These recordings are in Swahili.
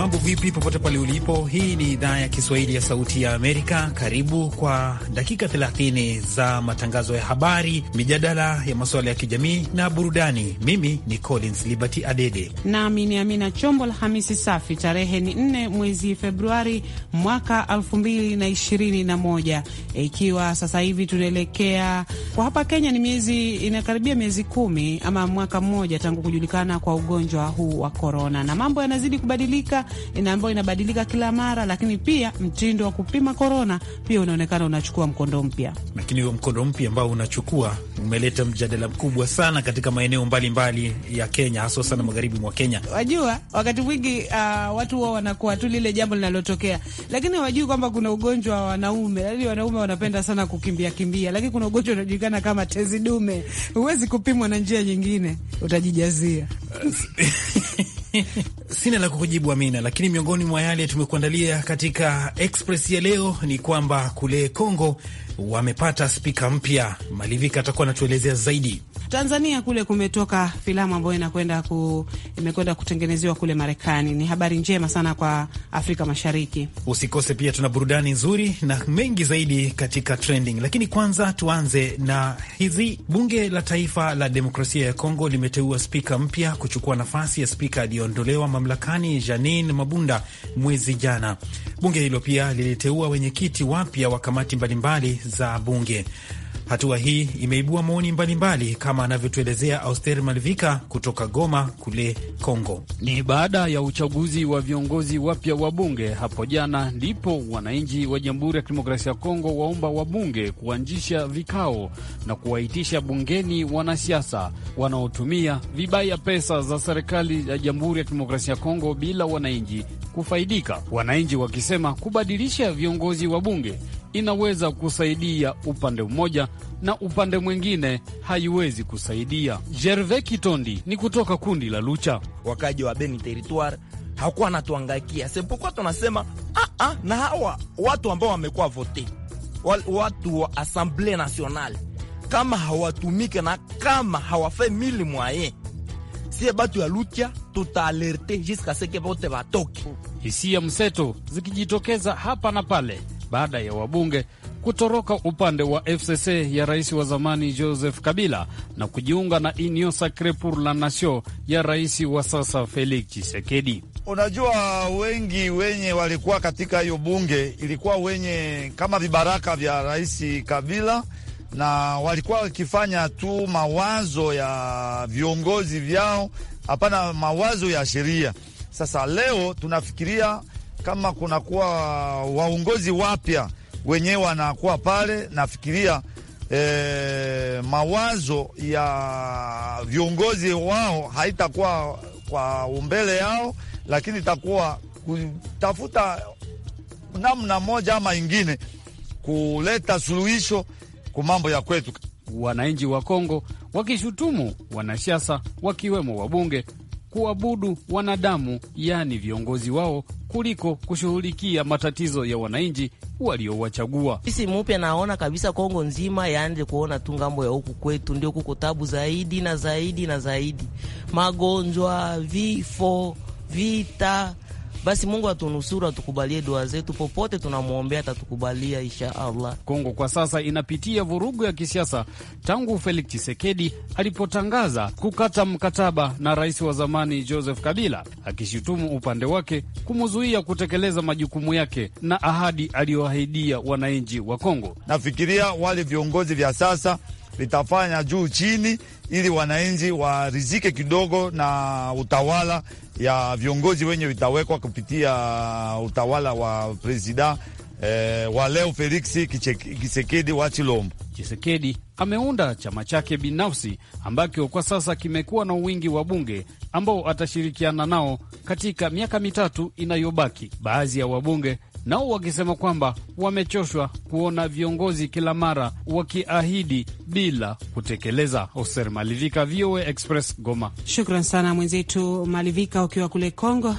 Mambo vipi, popote pale ulipo, hii ni idhaa ya Kiswahili ya Sauti ya Amerika. Karibu kwa dakika 30 za matangazo ya habari, mijadala ya masuala ya kijamii na burudani. Mimi ni Collins Liberty Adede nami ni Amina Chombo. Alhamisi safi, tarehe ni 4 mwezi Februari mwaka 2021, ikiwa sasa hivi tunaelekea kwa hapa Kenya ni miezi inakaribia miezi kumi ama mwaka mmoja tangu kujulikana kwa ugonjwa huu wa korona, na mambo yanazidi kubadilika ambayo inabadilika kila mara, lakini pia mtindo wa kupima korona pia unaonekana unachukua mkondo mpya. Lakini huo mkondo mpya ambao unachukua umeleta mjadala mkubwa sana katika maeneo mbalimbali ya Kenya, hasa sana magharibi mwa Kenya. Wajua, wakati mwingi uh, watu wao wanakuwa tu lile jambo linalotokea, lakini wajui kwamba kuna ugonjwa wa wanaume. Yani wanaume wanapenda sana kukimbia kimbia, lakini kuna ugonjwa unajulikana kama tezi dume, huwezi kupimwa na njia nyingine, utajijazia Sina la kukujibu Amina, lakini miongoni mwa yale tumekuandalia katika Express ya leo ni kwamba kule Kongo wamepata spika mpya. Malivika atakuwa anatuelezea zaidi. Tanzania kule kumetoka filamu ambayo inakwenda ku, imekwenda kutengenezewa kule Marekani. Ni habari njema sana kwa Afrika Mashariki. Usikose pia, tuna burudani nzuri na mengi zaidi katika trending, lakini kwanza tuanze na hizi. Bunge la Taifa la Demokrasia ya Kongo limeteua spika mpya kuchukua nafasi ya spika aliyoondolewa mamlakani Janine Mabunda mwezi jana. Bunge hilo pia liliteua wenyekiti wapya wa kamati mbalimbali za bunge. Hatua hii imeibua maoni mbalimbali kama kama anavyotuelezea Auster Malivika kutoka Goma kule Kongo. Ni baada ya uchaguzi wa viongozi wapya wa bunge hapo jana, ndipo wananchi wa Jamhuri ya Kidemokrasia ya Kongo waomba wabunge kuanzisha vikao na kuwaitisha bungeni wanasiasa wanaotumia vibaya pesa za serikali ya Jamhuri ya Kidemokrasia ya Kongo bila wananchi kufaidika, wananchi wakisema kubadilisha viongozi wa bunge inaweza kusaidia upande mmoja na upande mwingine haiwezi kusaidia. Gerve Kitondi ni kutoka kundi la Lucha. Wakaji wa Beni Territoire hakuwa anatuangaikia sepokuwa tunasema ah, ah, na hawa watu ambao wamekuwa vote watu wa Assemble Nationale kama hawatumike na kama hawafe mili mwaye sie batu ya Lucha tutaalerte jiska seke vote vatoke. Hisia mseto zikijitokeza hapa na pale baada ya wabunge kutoroka upande wa FCC ya rais wa zamani Joseph Kabila na kujiunga na Union Sacre pour la Nation ya rais wa sasa Felix Tshisekedi. Unajua, wengi wenye walikuwa katika hiyo bunge ilikuwa wenye kama vibaraka vya rais Kabila na walikuwa wakifanya tu mawazo ya viongozi vyao, hapana mawazo ya sheria. Sasa leo tunafikiria kama kunakuwa waongozi wapya wenyewe wanakuwa pale, nafikiria e, mawazo ya viongozi wao haitakuwa kwa umbele yao, lakini itakuwa kutafuta namna moja ama ingine kuleta suluhisho kwa mambo ya kwetu. Wananchi wa Kongo wakishutumu wanasiasa wakiwemo wabunge kuabudu wanadamu, yaani viongozi wao, kuliko kushughulikia matatizo ya wananchi waliowachagua. Sisi mupya naona kabisa Kongo nzima yaanze kuona tu ngambo ya huku kwetu, ndio kuko tabu zaidi na zaidi na zaidi, magonjwa, vifo, vita basi Mungu atunusuru, atukubalie dua zetu, popote tunamwombea atatukubalia insha Allah. Kongo kwa sasa inapitia vurugu ya kisiasa tangu Felix Tshisekedi alipotangaza kukata mkataba na rais wa zamani Joseph Kabila, akishutumu upande wake kumzuia kutekeleza majukumu yake na ahadi aliyoahidia wananchi wa Kongo. Nafikiria wale viongozi vya sasa litafanya juu chini, ili wananchi warizike kidogo na utawala ya viongozi wenye vitawekwa kupitia utawala wa presida eh, wa leo Felix Kisekedi wa Chilombo. Chisekedi ameunda chama chake binafsi ambacho kwa sasa kimekuwa na wingi wa bunge ambao atashirikiana nao katika miaka mitatu inayobaki. Baadhi ya wabunge nao wakisema kwamba wamechoshwa kuona viongozi kila mara wakiahidi bila kutekeleza. Oser Malivika, VOA Express, Goma. Shukran sana mwenzetu Malivika ukiwa kule congo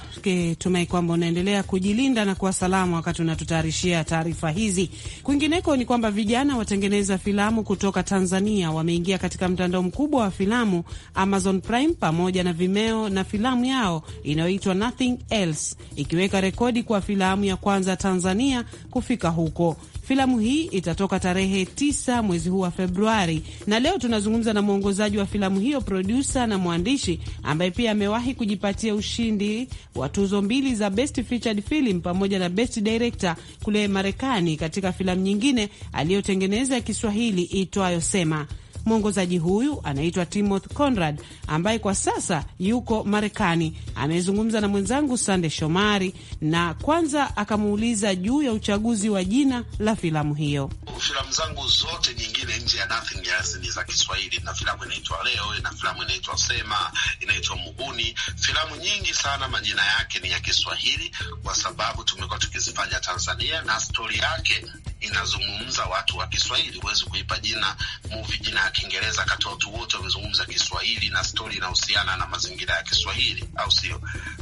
Tumai kwamba unaendelea kujilinda na kuwa salama wakati unatutayarishia taarifa hizi. Kwingineko ni kwamba vijana watengeneza filamu kutoka Tanzania wameingia katika mtandao mkubwa wa filamu Amazon Prime pamoja na Vimeo na filamu yao inayoitwa Nothing Else, ikiweka rekodi kwa filamu ya kwanza za Tanzania kufika huko. Filamu hii itatoka tarehe 9 mwezi huu wa Februari, na leo tunazungumza na mwongozaji wa filamu hiyo, produsa na mwandishi ambaye pia amewahi kujipatia ushindi wa tuzo mbili za Best Featured Film pamoja na Best Director kule Marekani katika filamu nyingine aliyotengeneza ya Kiswahili itwayo Sema. Mwongozaji huyu anaitwa Timothy Conrad ambaye kwa sasa yuko Marekani. Amezungumza na mwenzangu Sande Shomari na kwanza akamuuliza juu ya uchaguzi wa jina la filamu hiyo. Filamu zangu zote nyingine nje ya Nothing Else ni za Kiswahili, na filamu inaitwa Leo, na filamu inaitwa Sema, inaitwa Muguni. Filamu nyingi sana majina yake ni ya Kiswahili kwa sababu tumekuwa tukizifanya Tanzania na stori yake inazungumza watu wa Kiswahili. Huwezi kuipa jina muvi jina ya Kiingereza kati watu wote wamezungumza Kiswahili na stori inahusiana na mazingira ya Kiswahili, au sio?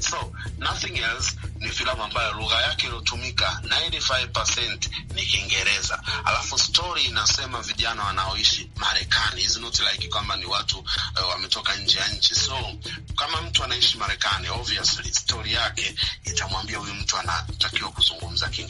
So Nothing Else ni filamu ambayo lugha yake iliyotumika 95% ni Kiingereza, alafu stori inasema vijana wanaoishi Marekani. Is not like kwamba ni watu uh, wametoka nje ya nchi. So kama mtu anaishi Marekani, obviously stori yake itamwambia huyu mtu anatakiwa kuzungumza Kiingereza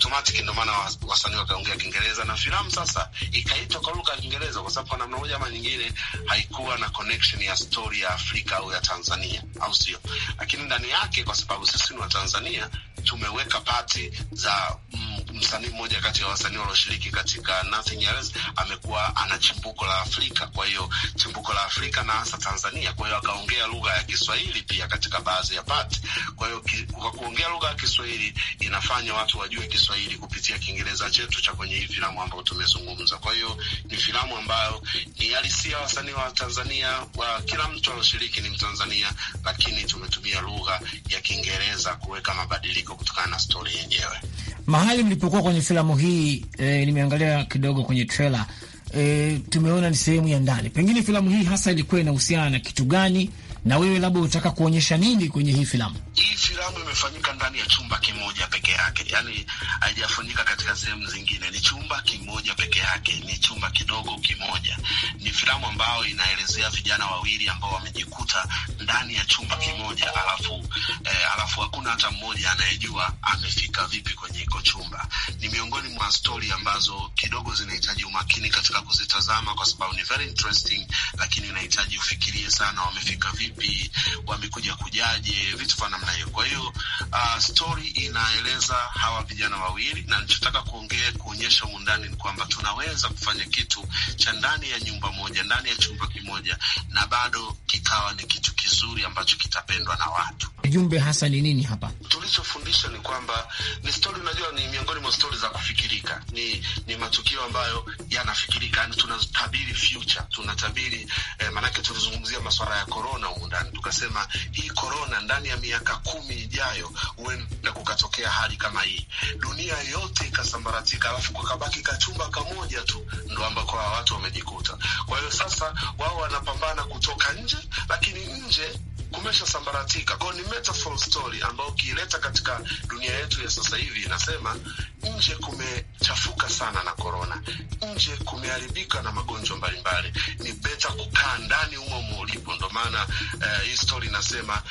automatic, ndio maana wasanii wakaongea Kiingereza na filamu sasa ikaitwa kwa lugha ya Kiingereza, kwa sababu kwa namna moja ama nyingine haikuwa na connection ya story ya Afrika au ya Tanzania, au sio? Lakini ndani yake, kwa sababu sisi ni Watanzania, tumeweka pati za mm, msanii mmoja kati ya wasanii walioshiriki katika Nothing Else amekuwa ana chimbuko la Afrika, kwa hiyo chimbuko la Afrika na hasa Tanzania, kwa hiyo akaongea lugha ya Kiswahili pia katika baadhi ya part. Kwa hiyo kwa kuongea lugha ya Kiswahili inafanya watu wajue Kiswahili kupitia Kiingereza chetu cha kwenye hii filamu ambayo tumezungumza. Kwa hiyo ni filamu ambayo ni halisia wasanii wa Tanzania, wa kila mtu alioshiriki ni Mtanzania, lakini tumetumia lugha ya Kiingereza kuweka mabadiliko kutokana na stori yenyewe mahali mlipokuwa kwenye filamu hii eh, nimeangalia kidogo kwenye trailer eh, tumeona ni sehemu ya ndani. Pengine filamu hii hasa ilikuwa inahusiana na kitu gani na wewe labda unataka kuonyesha nini kwenye hii filamu? Hii filamu imefanyika ndani ya chumba kimoja peke yake, yani haijafanyika katika sehemu zingine. Ni chumba kimoja peke yake, ni chumba kidogo kimoja. Ni filamu ambayo inaelezea vijana wawili ambao wamejikuta ndani ya chumba kimoja, alafu eh, alafu hakuna hata mmoja anayejua amefika vipi kwenye hiko chumba. Ni miongoni mwa stori ambazo kidogo zinahitaji umakini katika kuzitazama, kwa sababu ni very interesting, lakini inahitaji ufikirie sana wamefika vipi vipi, wamekuja kujaje, vitu vya namna hiyo. Kwa hiyo uh, stori inaeleza hawa vijana wawili, na nichotaka kuongea kuonyesha umundani ni kwamba tunaweza kufanya kitu cha ndani ya nyumba moja, ndani ya chumba kimoja, na bado kikawa ni kitu kizuri ambacho kitapendwa na watu. Jumbe hasa ni nini hapa? Tulichofundisha ni kwamba ni stori, unajua, ni miongoni mwa stori za kufikirika, ni, ni matukio ambayo yanafikirika, yani tunatabiri future, tunatabiri maanake tulizungumzia masuala ya korona humu ndani, tukasema hii korona ndani ya miaka kumi ijayo huenda kukatokea hali kama hii, dunia yote ikasambaratika, alafu kukabaki kachumba kamoja tu ndo ambako watu wamejikuta. Kwa hiyo sasa wao wanapambana kutoka nje, lakini nje kumeshasambaratika. Kwao ni metaphor story ambayo ukiileta katika dunia yetu ya sasa hivi inasema nje kumechafuka sana na korona, nje kumeharibika na magonjwa mbalimbali, ni beta kukaa ndani humo ulipo. Ndo maana uh, hii story inasema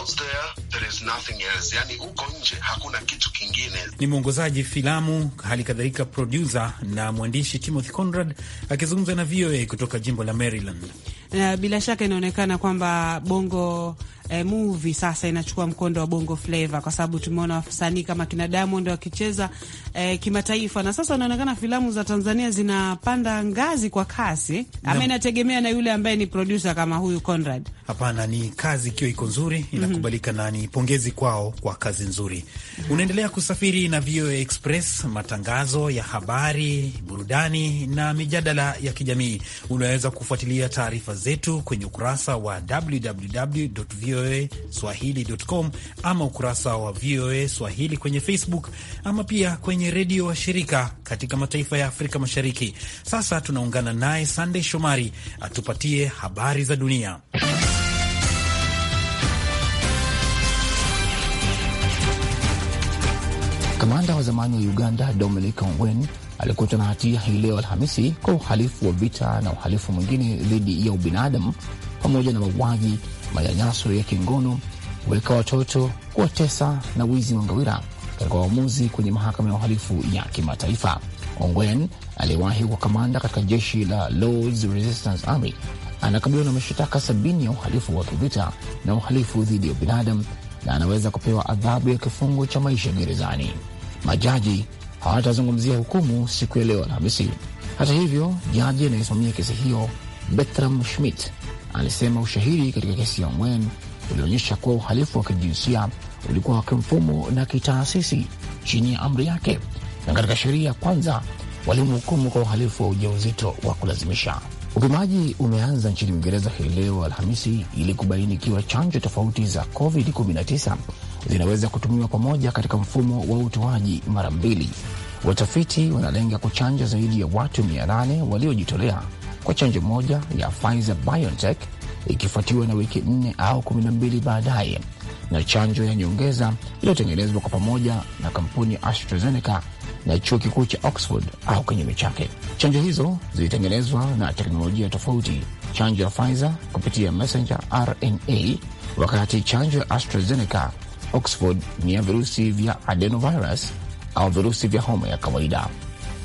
Out there, there is nothing else. Yani, huko nje hakuna kitu kingine. Ni mwongozaji filamu hali kadhalika produsa na mwandishi Timothy Conrad akizungumza na VOA kutoka jimbo la Maryland na eh, bila shaka inaonekana kwamba bongo E, movie sasa inachukua mkondo wa bongo flava kwa sababu tumeona wasanii kama kina Diamond wakicheza e, kimataifa, na sasa inaonekana filamu za Tanzania zinapanda ngazi kwa kasi, ama inategemea na yule ambaye ni producer kama huyu Conrad. Hapana, ni kazi ikiwa iko nzuri mhm. inakubalika, mm -hmm. na ni pongezi kwao kwa kazi nzuri. mm -hmm. Unaendelea kusafiri na VOA Express, matangazo ya habari, burudani na mijadala ya kijamii. Unaweza kufuatilia taarifa zetu kwenye ukurasa wa www voa swahili.com ama ukurasa wa VOA Swahili kwenye Facebook ama pia kwenye redio wa shirika katika mataifa ya Afrika Mashariki. Sasa tunaungana naye Sandey Shomari atupatie habari za dunia. Kamanda wa zamani wa Uganda Dominic Ongwen alikutwa na hatia hii leo Alhamisi kwa uhalifu wa vita na uhalifu mwingine dhidi ya ubinadamu pamoja na mauaji, manyanyaso ya kingono, kuweka watoto, kuwatesa na wizi wa ngawira katika uamuzi kwenye mahakama ya uhalifu ya kimataifa. Ongwen aliyewahi kuwa kamanda katika jeshi la Lords Resistance Army anakabiliwa na mashitaka sabini ya uhalifu wa kivita na uhalifu dhidi ya ubinadamu na anaweza kupewa adhabu ya kifungo cha maisha gerezani. Majaji hawatazungumzia hukumu siku ya leo Alhamisi. Hata hivyo, jaji anayesimamia kesi hiyo betram Schmidt alisema ushahidi katika kesi ya Ongwen ulionyesha kuwa uhalifu wa kijinsia ulikuwa wa kimfumo na kitaasisi chini ya amri yake, na katika sheria ya kwanza walimhukumu kwa uhalifu wa ujauzito wa kulazimisha. Upimaji umeanza nchini Uingereza hii leo Alhamisi ili kubaini ikiwa chanjo tofauti za COVID-19 zinaweza kutumiwa pamoja katika mfumo wa utoaji mara mbili. Watafiti wanalenga kuchanja zaidi ya watu 800 waliojitolea kwa chanjo moja ya Pfizer BioNTech ikifuatiwa na wiki nne au 12 baadaye na chanjo ya nyongeza iliyotengenezwa kwa pamoja na kampuni ya AstraZeneca na chuo kikuu cha Oxford au kinyume chake. Chanjo hizo zilitengenezwa na teknolojia tofauti, chanjo ya Pfizer kupitia messenger RNA, wakati chanjo ya AstraZeneca Oxford ni ya virusi vya adenovirus au virusi vya homa ya kawaida.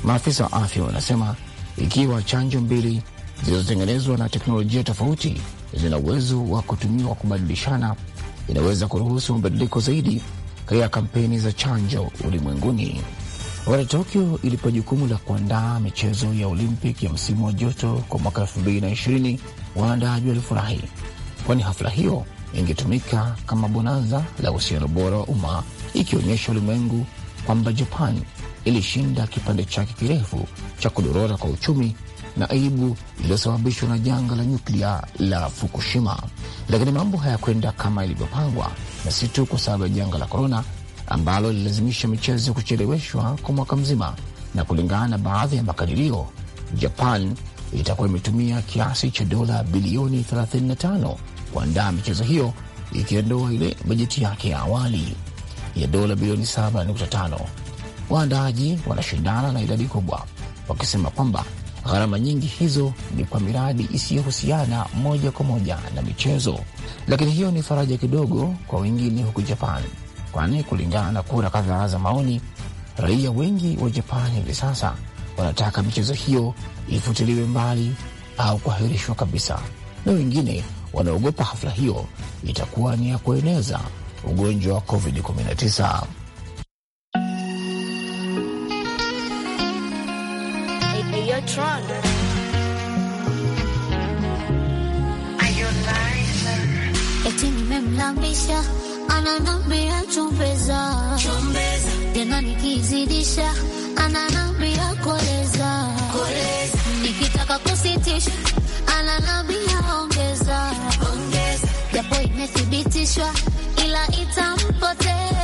Maafisa wa afya wanasema ikiwa chanjo mbili zilizotengenezwa na teknolojia tofauti zina uwezo wa kutumiwa kubadilishana, inaweza kuruhusu mabadiliko zaidi katika kampeni za chanjo ulimwenguni. Wakati Tokyo ilipo jukumu la kuandaa michezo ya Olimpik ya msimu wa joto kwa mwaka 2020, waandaaji walifurahi, kwani hafla hiyo ingetumika kama bonanza la uhusiano bora wa umma, ikionyesha ulimwengu kwamba Japan ilishinda kipande chake kirefu cha kudorora kwa uchumi na aibu iliyosababishwa na janga la nyuklia la Fukushima. Lakini mambo hayakwenda kama ilivyopangwa, na si tu kwa sababu ya janga la korona ambalo lililazimisha michezo kucheleweshwa kwa mwaka mzima, na kulingana na baadhi ya makadirio, Japan itakuwa imetumia kiasi cha dola bilioni 35 kuandaa michezo hiyo ikiondoa ile bajeti yake ya awali ya dola bilioni 7.5. Waandaaji wanashindana na idadi kubwa, wakisema kwamba gharama nyingi hizo ni kwa miradi isiyohusiana moja kwa moja na michezo, lakini hiyo ni faraja kidogo kwa wengine huku Japan, kwani kulingana na kura kadhaa za maoni, raia wengi wa Japan hivi sasa wanataka michezo hiyo ifutiliwe mbali au kuahirishwa kabisa, na wengine wanaogopa hafla hiyo itakuwa ni ya kueneza ugonjwa wa COVID-19. nikizidisha ananambia koleza. Nikitaka kusitisha analambia ongeza, japo imethibitishwa ila itampotea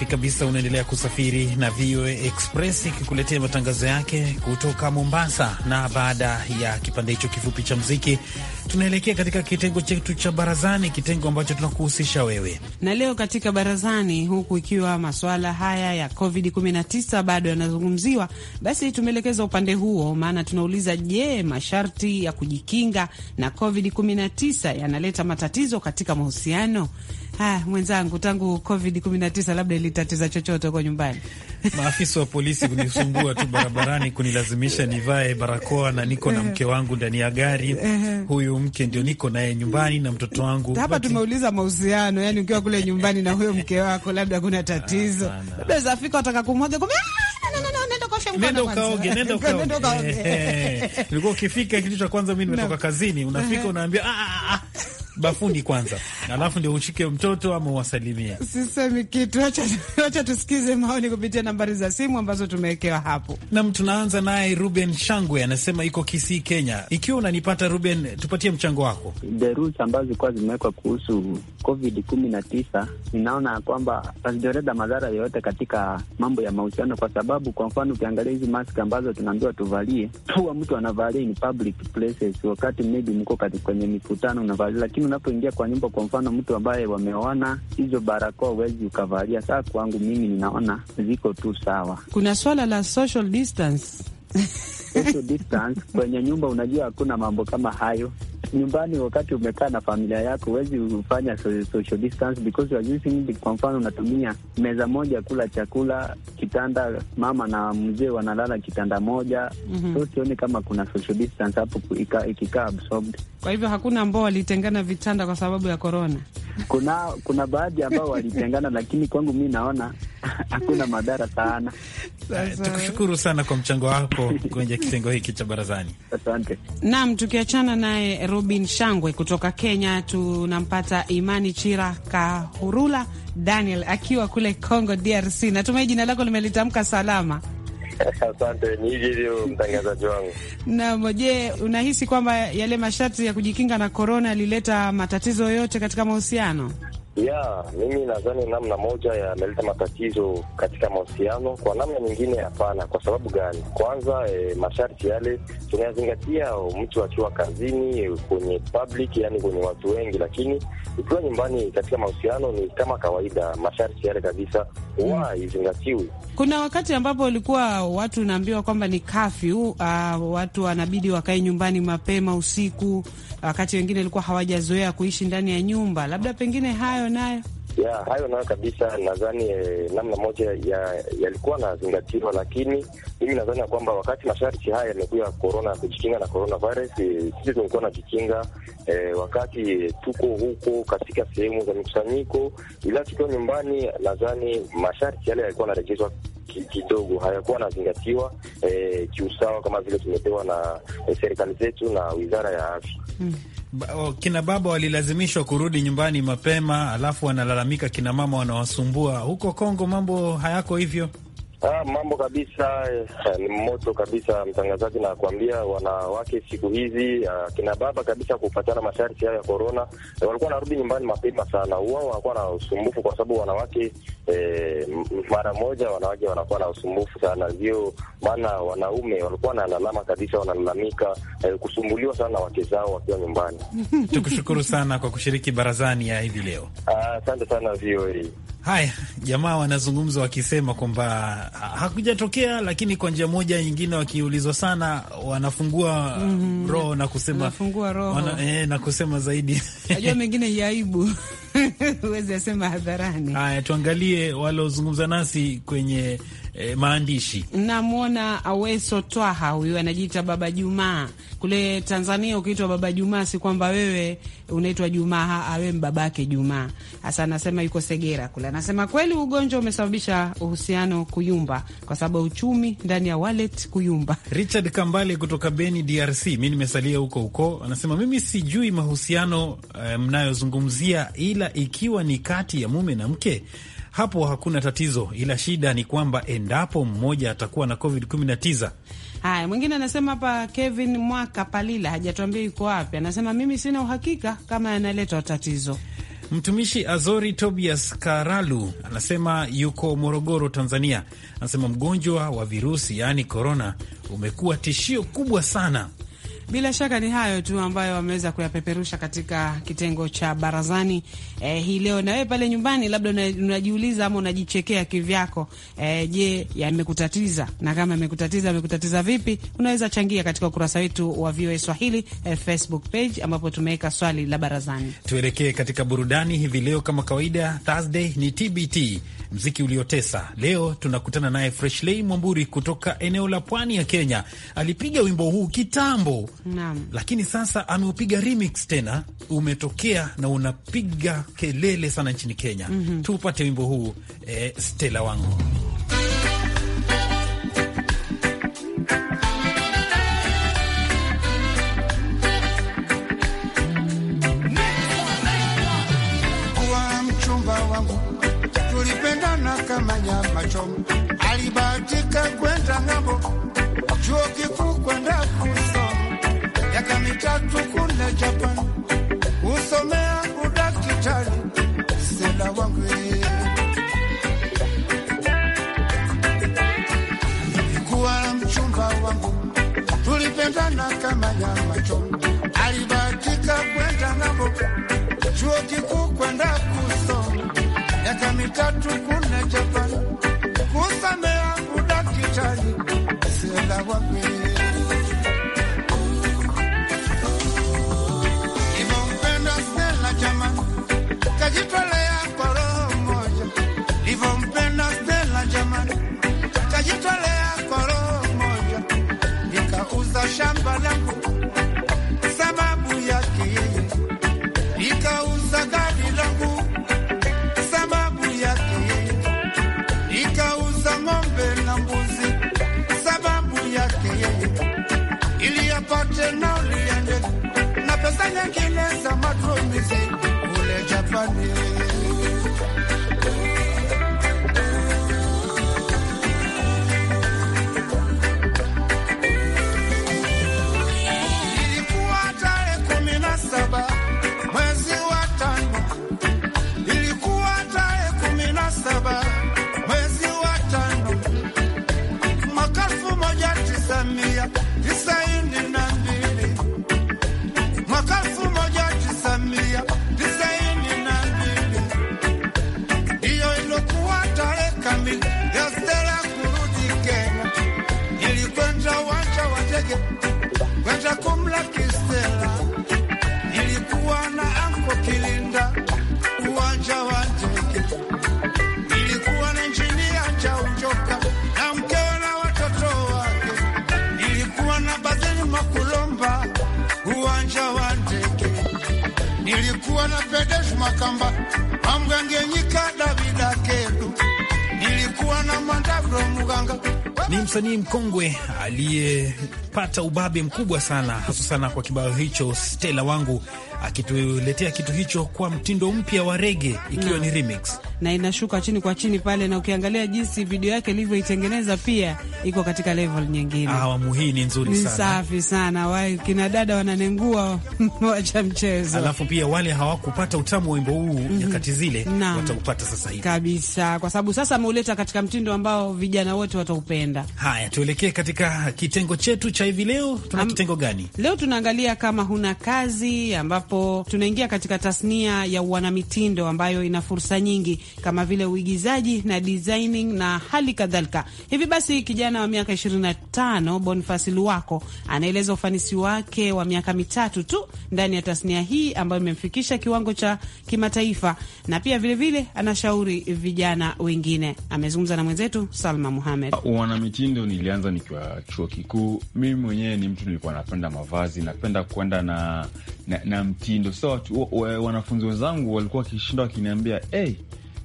safi kabisa. Unaendelea kusafiri na VOA Express ikikuletea matangazo yake kutoka Mombasa, na baada ya kipande hicho kifupi cha mziki, tunaelekea katika kitengo chetu cha barazani, kitengo ambacho tunakuhusisha wewe. Na leo katika barazani, huku ikiwa masuala haya ya Covid 19 bado yanazungumziwa, basi tumeelekeza upande huo, maana tunauliza, je, masharti ya kujikinga na Covid 19 yanaleta matatizo katika mahusiano? Ah, mwenzangu tangu Covid 19 labda ilitatiza chochote huko nyumbani. Maafisa wa polisi kunisumbua tu barabarani kunilazimisha nivae barakoa na niko na mke wangu ndani ya gari. Huyu mke ndio niko naye nyumbani na mtoto wangu. Hapa tumeuliza mahusiano, yani ukiwa kule nyumbani na huyo mke wako labda kuna ah, tatizo. Labda zafika wataka kumwaga ah, kwa Nenda ukaoge, nenda ukaoge. Ulikuwa ukifika kitu cha kwanza mimi nimetoka kazini, unafika unaambia ah ah ah, ah bafuni kwanza, alafu ndio ushike mtoto ama uwasalimia. Sisemi kitu, acha tusikize maoni kupitia nambari za simu ambazo tumewekewa hapo. Nam, tunaanza naye Ruben Shangwe, anasema iko Kisii, Kenya. Ikiwa unanipata Ruben, tupatie mchango wako. The rules ambazo zilikuwa zimewekwa kuhusu COVID kumi na tisa, ninaona kwamba hazijoleta madhara yoyote katika mambo ya mahusiano, kwa sababu kwa mfano ukiangalia hizi mask ambazo tunaambiwa tuvalie, huwa mtu anavalia in public places, wakati maybe mko kwenye mikutano unavalia, lakini unapoingia kwa nyumba, kwa mfano mtu ambaye wameoana, hizo barakoa huwezi ukavalia. Saa kwangu mimi ninaona ziko tu sawa. Kuna swala la social distance social distance kwenye nyumba. Unajua hakuna mambo kama hayo nyumbani. Wakati umekaa na familia yako, huwezi kufanya social distance because you are using. Kwa mfano, unatumia meza moja kula chakula, kitanda, mama na mzee wanalala kitanda moja. mm -hmm. So sioni kama kuna social distance hapo ikikaa absorbed. Kwa hivyo hakuna ambao walitengana vitanda kwa sababu ya korona. Kuna kuna baadhi ambao walitengana, lakini kwangu mi naona hakuna madhara sana. Eh, tukushukuru sana kwa mchango wako kwenye kitengo hiki cha barazani, asante. nam. tukiachana naye Robin Shangwe kutoka Kenya, tunampata Imani Chira Kahurula Daniel akiwa kule Congo DRC. Natumai jina lako limelitamka salama. Asante, ni hivi hivyo mtangazaji wangu. Naam, je, unahisi kwamba yale masharti ya kujikinga na korona yalileta matatizo yoyote katika mahusiano? ya mimi nadhani namna moja yameleta matatizo katika mahusiano, kwa namna nyingine hapana. Kwa sababu gani? Kwanza e, masharti yale tunayazingatia mtu akiwa kazini, kwenye public, yani kwenye watu wengi, lakini ikiwa nyumbani, katika mahusiano ni kama kawaida, masharti yale kabisa huwa haizingatiwi Kuna wakati ambapo ulikuwa watu unaambiwa kwamba ni kafyu, uh, watu wanabidi wakae nyumbani mapema usiku wakati wengine walikuwa hawajazoea kuishi ndani ya nyumba, labda pengine hayo nayo ya hayo nayo kabisa, nadhani eh, namna moja yalikuwa ya nazingatiwa, lakini mimi nadhani ya kwamba wakati masharti haya yamekuya korona, kujikinga na coronavirus, eh, sisi tumekuwa najikinga eh, wakati eh, tuko huko katika sehemu za mikusanyiko, ila tukiwa nyumbani, nadhani masharti yale yalikuwa yanarejezwa kidogo hayakuwa anazingatiwa e, eh, kiusawa kama vile tumepewa na e, serikali zetu na wizara ya afya hmm. Ba, kina baba walilazimishwa kurudi nyumbani mapema, alafu wanalalamika kina mama wanawasumbua. Huko Kongo mambo hayako hivyo Ah, mambo kabisa eh, ni moto kabisa mtangazaji, na kuambia wanawake siku hizi ah, kina baba kabisa kupatana masharti hayo ya korona, eh, walikuwa wanarudi nyumbani mapema sana. Wao wanakuwa na usumbufu kwa sababu wanawake eh, mara moja wanawake wanakuwa na usumbufu sana, ndio maana wanaume walikuwa wanalalama kabisa, wanalalamika eh, kusumbuliwa sana na wake zao wakiwa nyumbani. Tukushukuru sana kwa kushiriki barazani ya hivi leo. Ah, asante ah, sana VOA. Haya, jamaa wanazungumza wakisema kwamba hakujatokea, lakini kwa njia moja nyingine, wakiulizwa sana wanafungua mm -hmm. roho na kusema, roho. Wana, eh, na kusema zaidi najua mengine yaibu aibu huwezi asema hadharani. Haya, tuangalie waliozungumza nasi kwenye E, maandishi. Namwona Aweso Twaha, huyu anajiita Baba Jumaa. Kule Tanzania ukiitwa Baba Jumaa si kwamba wewe unaitwa Jumaa, awe mbabake Jumaa. Hasa anasema yuko Segera kule, anasema kweli ugonjwa umesababisha uhusiano kuyumba, kwa sababu uchumi ndani ya wallet kuyumba. Richard Kambale kutoka Beni, DRC, mi nimesalia huko huko, anasema mimi sijui mahusiano eh, mnayozungumzia ila ila ikiwa ni kati ya mume na mke hapo hakuna tatizo, ila shida ni kwamba endapo mmoja atakuwa na covid 19. Haya, mwingine anasema hapa, Kevin Mwaka Palila, hajatuambia yuko wapi, anasema mimi sina uhakika kama yanaleta tatizo. Mtumishi Azori Tobias Karalu anasema yuko Morogoro, Tanzania. Anasema mgonjwa wa virusi, yaani korona, umekuwa tishio kubwa sana bila shaka ni hayo tu ambayo wameweza kuyapeperusha katika kitengo cha barazani eh, hii leo. Na wewe pale nyumbani labda unajiuliza ama unajichekea kivyako eh, je, yamekutatiza? Na kama yamekutatiza, yamekutatiza vipi? Unaweza changia katika ukurasa wetu wa VOA Swahili eh, Facebook page ambapo tumeweka swali la barazani. Tuelekee katika burudani hivi leo, kama kawaida Thursday ni TBT mziki uliotesa. Leo tunakutana naye Freshley Mwamburi kutoka eneo la pwani ya Kenya. Alipiga wimbo huu kitambo Naam. lakini sasa ameupiga remix tena, umetokea na unapiga kelele sana nchini Kenya. mm -hmm. Tupate wimbo huu eh, Stella wangu kesho. Alibahatika kwenda ng'ambo, chuo kikuu kwenda kusoma, miaka mitatu kule Japan husomea udaktari. Sela wangu kuwa mchumba wangu, tulipendana kama nyama choma. Alibahatika kwenda ng'ambo, chuo kikuu kwenda kusoma, miaka mitatu kule Japan Charlie, I want wapé. I'm Tanzania kilesa matromisi kule Japanese. ni msanii mkongwe aliyepata ubabe mkubwa sana hasa sana kwa kibao hicho Stella wangu, akituletea kitu hicho kwa mtindo mpya wa rege ikiwa no. ni remix na inashuka chini kwa chini pale, na ukiangalia jinsi video yake ilivyoitengeneza pia iko katika level nyingine. Awamu ah, hii ni nzuri sana, ni safi sana, wa kina dada wananengua wacha mchezo. Alafu pia wale hawakupata utamu wa wimbo huu mm -hmm. nyakati zile wataupata sasa hivi kabisa, kwa sababu sasa ameuleta katika mtindo ambao vijana wote wataupenda. Haya, tuelekee katika kitengo chetu cha hivi leo. Tuna Am, kitengo gani leo? Tunaangalia kama huna kazi, ambapo tunaingia katika tasnia ya uanamitindo ambayo ina fursa nyingi kama vile uigizaji na designing na hali kadhalika. Hivi basi kijana wa miaka 25 Boniface Luwako anaeleza ufanisi wake wa miaka mitatu tu ndani ya tasnia hii ambayo imemfikisha kiwango cha kimataifa, na pia vilevile vile, anashauri vijana wengine. Amezungumza na mwenzetu Salma Muhamed. Wanamitindo nilianza nikiwa chuo kikuu. Mimi mwenyewe ni mtu nilikuwa napenda mavazi, napenda kwenda na, na, na mtindo. So wanafunzi wenzangu walikuwa wakishinda wakiniambia hey,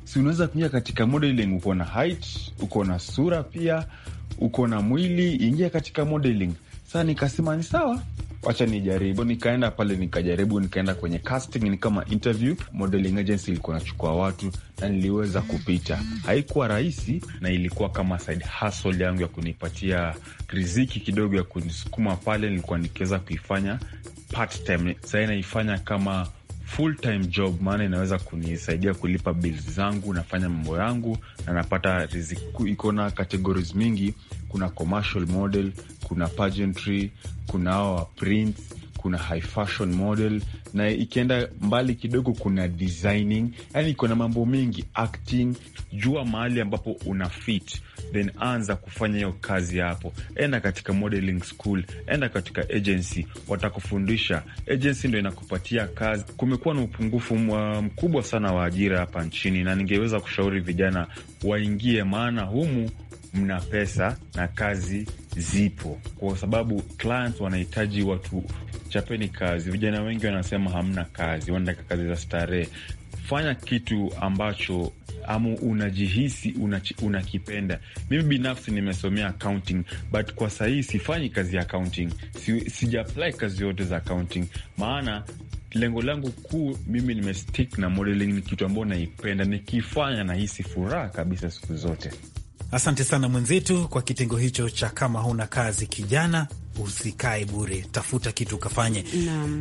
si unaweza kuingia katika modeling, uko na height, uko na sura pia uko na mwili, ingia katika modeling. Saa nikasema ni sawa, wacha nijaribu. Nikaenda pale nikajaribu, nikaenda kwenye casting, ni kama interview. Modeling agency ilikuwa nachukua watu na niliweza kupita. Haikuwa rahisi na ilikuwa kama side hustle yangu ya kunipatia riziki kidogo ya kunisukuma pale, nilikuwa nikiweza kuifanya part time, saa naifanya kama full time job, maana inaweza kunisaidia kulipa bills zangu, nafanya mambo yangu na napata riziki. Iko na categories mingi, kuna commercial model, kuna pageantry, kuna hawa print kuna high fashion model, na ikienda mbali kidogo kuna designing, yani kuna mambo mengi acting. Jua mahali ambapo una fit, then anza kufanya hiyo kazi hapo. Enda katika modeling school, enda katika agency, watakufundisha. Agency ndo inakupatia kazi. Kumekuwa na upungufu mkubwa sana wa ajira hapa nchini, na ningeweza kushauri vijana waingie, maana humu mna pesa na kazi zipo, kwa sababu clients wanahitaji watu. Chapeni kazi. Vijana wengi wanasema hamna kazi, wanataka kazi za starehe. Fanya kitu ambacho amu unajihisi unakipenda. Una mimi binafsi nimesomea accounting but kwa sahii sifanyi kazi ya accounting, si, sijaapply kazi yote za accounting maana lengo langu kuu mimi nimestick na modeling. Ni kitu ambayo naipenda, nikifanya nahisi furaha kabisa siku zote. Asante sana mwenzetu kwa kitengo hicho cha kama huna kazi, kijana Usikae bure, tafuta kitu ukafanye.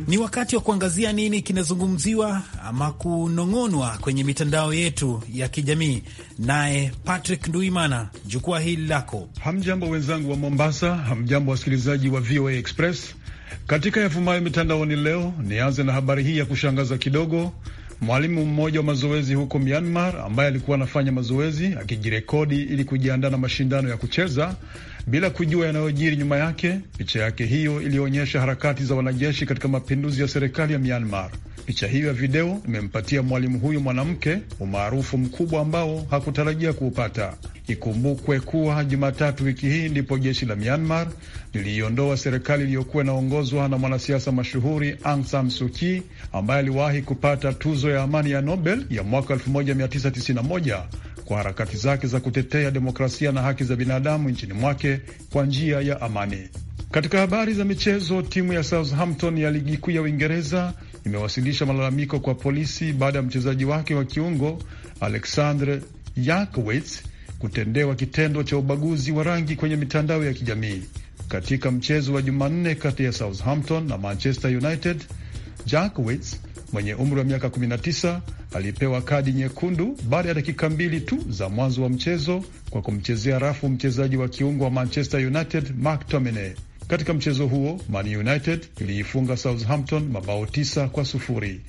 Ni wakati wa kuangazia nini kinazungumziwa ama kunong'onwa kwenye mitandao yetu ya kijamii. Naye Patrick Nduimana, jukwaa hili lako. Hamjambo wenzangu wa Mombasa, hamjambo wasikilizaji wa VOA Express katika yavumayo mitandaoni leo. Nianze na habari hii ya kushangaza kidogo. Mwalimu mmoja wa mazoezi huko Myanmar ambaye alikuwa anafanya mazoezi akijirekodi ili kujiandaa na mashindano ya kucheza bila kujua yanayojiri nyuma yake. Picha yake hiyo iliyoonyesha harakati za wanajeshi katika mapinduzi ya serikali ya Myanmar. Picha hiyo ya video imempatia mwalimu huyu mwanamke umaarufu mkubwa ambao hakutarajia kuupata. Ikumbukwe kuwa Jumatatu wiki hii ndipo jeshi la Myanmar liliiondoa serikali iliyokuwa inaongozwa na mwanasiasa mashuhuri Aung San Suu Kyi ambaye aliwahi kupata tuzo ya amani ya Nobel ya mwaka 1991 kwa harakati zake za kutetea demokrasia na haki za binadamu nchini mwake kwa njia ya amani. Katika habari za michezo, timu ya Southampton ya ligi kuu ya Uingereza imewasilisha malalamiko kwa polisi baada ya mchezaji wake wa kiungo Alexandre Yankwitz kutendewa kitendo cha ubaguzi wa rangi kwenye mitandao ya kijamii katika mchezo wa Jumanne kati ya Southampton na Manchester United. Jankwitz mwenye umri wa miaka 19 alipewa kadi nyekundu baada ya dakika mbili tu za mwanzo wa mchezo kwa kumchezea rafu mchezaji wa kiungo wa Manchester United Mark Tominey. Katika mchezo huo Man United iliifunga Southampton mabao tisa kwa sufuri.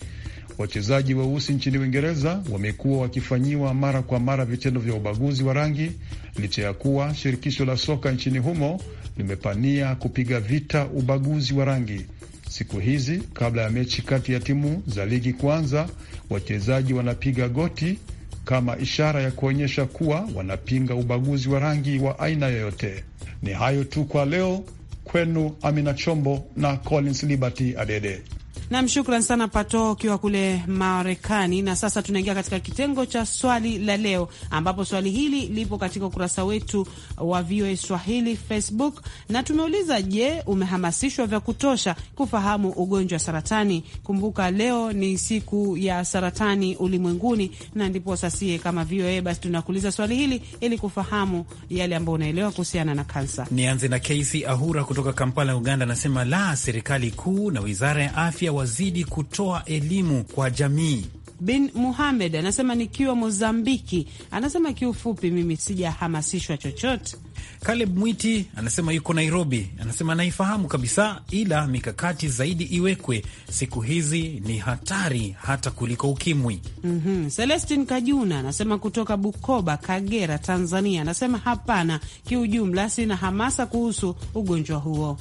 Wachezaji weusi wa nchini Uingereza wamekuwa wakifanyiwa mara kwa mara vitendo vya ubaguzi wa rangi licha ya kuwa shirikisho la soka nchini humo limepania kupiga vita ubaguzi wa rangi. Siku hizi kabla ya mechi kati ya timu za ligi kuanza, wachezaji wanapiga goti kama ishara ya kuonyesha kuwa wanapinga ubaguzi wa rangi wa aina yoyote. Ni hayo tu kwa leo. Kwenu Amina Chombo na Collins Liberty Adede. Nam, shukran sana Pato ukiwa kule Marekani. Na sasa tunaingia katika kitengo cha swali la leo, ambapo swali hili lipo katika ukurasa wetu wa VOA Swahili Facebook, na tumeuliza je, umehamasishwa vya kutosha kufahamu ugonjwa wa saratani? Kumbuka leo ni siku ya saratani ulimwenguni, na ndipo sasie kama VOA basi tunakuuliza swali hili ili kufahamu yale ambayo unaelewa kuhusiana na kansa. Nianze na Casey Ahura kutoka Kampala, Uganda, anasema la serikali kuu na wizara ya afya wazidi kutoa elimu kwa jamii. Bin Muhamed anasema nikiwa Mozambiki, anasema kiufupi, mimi sijahamasishwa chochote. Kaleb Mwiti anasema yuko Nairobi, anasema naifahamu kabisa, ila mikakati zaidi iwekwe. Siku hizi ni hatari hata kuliko ukimwi. mm -hmm. Celestin Kajuna anasema kutoka Bukoba, Kagera, Tanzania, anasema hapana, kiujumla sina hamasa kuhusu ugonjwa huo.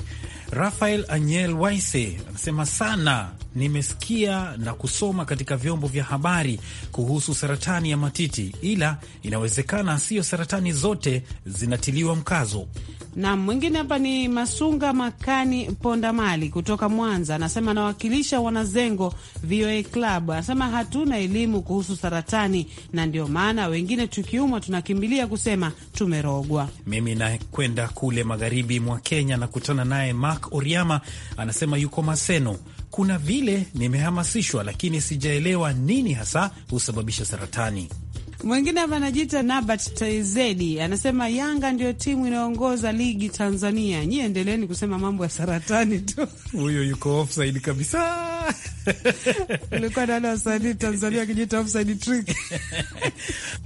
Rafael Anyel Waise anasema sana nimesikia na kusoma katika vyombo vya habari kuhusu saratani ya matiti, ila inawezekana siyo saratani zote zinatiliwa mkazo. Na mwingine hapa ni Masunga Makani ponda mali kutoka Mwanza, anasema anawakilisha wanazengo VOA Club, anasema hatuna elimu kuhusu saratani, na ndio maana wengine tukiumwa tunakimbilia kusema tumerogwa. Mimi nakwenda kule magharibi mwa Kenya, nakutana naye Mark Oriama, anasema yuko Maseno kuna vile nimehamasishwa, lakini sijaelewa nini hasa husababisha saratani. Mwingine hapa anajiita Nabat Tezedi, anasema Yanga ndio timu inayoongoza ligi Tanzania, nyie endeleni kusema mambo ya saratani tu. Huyo yuko offside kabisa. Ulikuwa naona wasanii Tanzania wakijiita offside trick.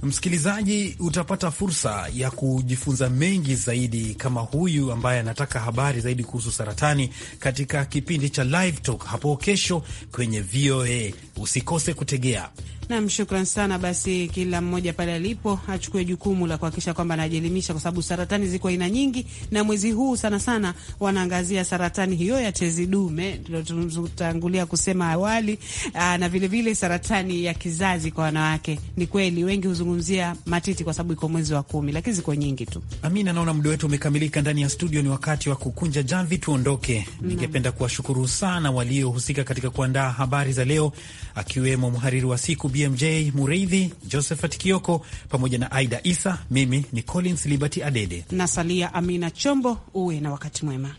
Msikilizaji, utapata fursa ya kujifunza mengi zaidi kama huyu ambaye anataka habari zaidi kuhusu saratani katika kipindi cha Live Talk hapo kesho kwenye VOA. Usikose kutegea Nam, shukran sana. Basi kila mmoja pale alipo achukue jukumu la kuhakikisha kwamba anajielimisha, kwa sababu saratani ziko aina nyingi, na mwezi huu sana sana wanaangazia saratani hiyo ya tezi dume, ndio tutangulia kusema awali aa, ah, na vilevile vile saratani ya kizazi kwa wanawake. Ni kweli wengi huzungumzia matiti kwa sababu iko mwezi wa kumi, lakini ziko nyingi tu. Amina, naona muda wetu umekamilika ndani ya studio, ni wakati wa kukunja jamvi tuondoke. Ningependa kuwashukuru sana waliohusika katika kuandaa habari za leo akiwemo mhariri wa siku BMJ Mureithi, Josephat Kioko pamoja na Aida Isa. Mimi ni Collins Liberty Adede, nasalia Amina Chombo. Uwe na wakati mwema.